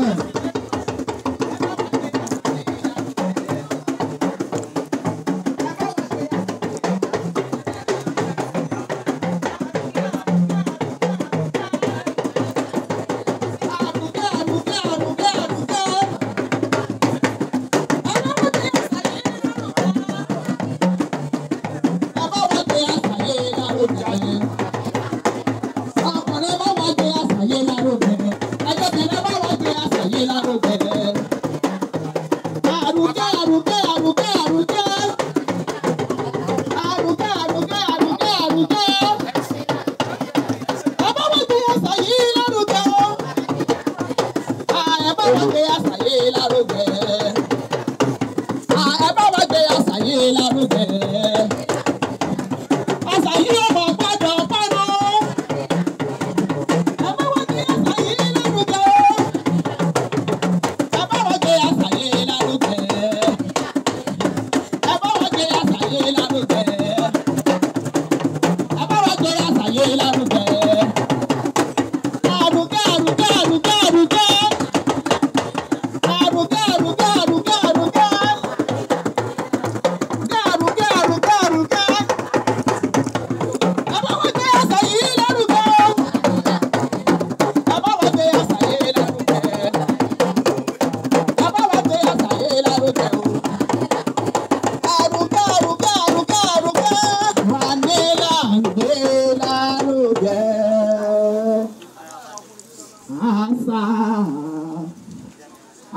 Hmm. fi lárugẹ. àrùkẹ́ àrùkẹ́ àrùkẹ́ àrùkẹ́. àrùkẹ́ àrùkẹ́ àrùkẹ́ àrùkẹ́. ọmọ wọn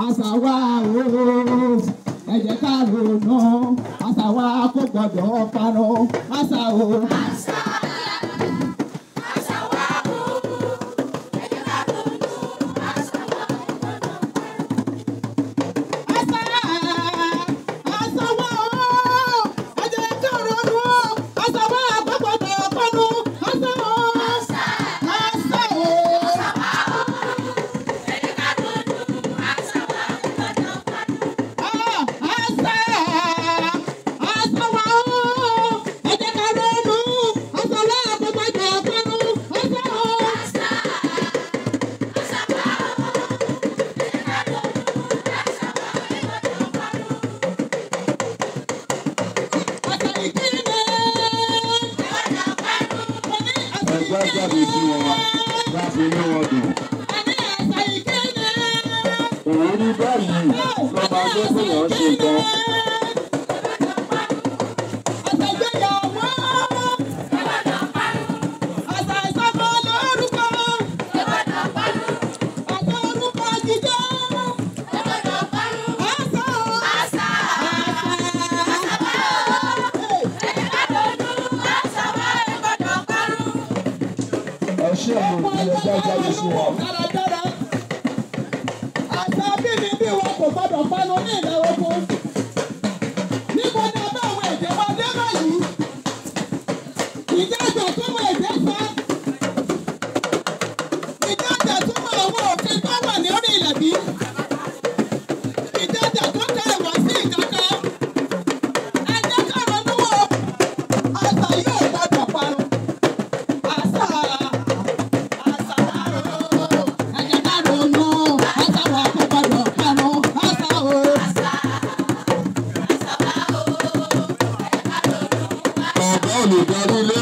àṣà wa o ẹ jẹ́ ká lò ná àṣà wa kò gbọdọ̀ parun àṣà o. o. ẹgbẹ́ jáde sí wọn láti inú wọn dùn. òun ní báyìí lọ́ba gbẹ́sẹ̀ lọ́ọ́ ṣe gan. ṣe mọ ìrẹsì ajáde sí wa. àṣà bíbí bí wọn kò gbọdọ̀ panu ní ìlà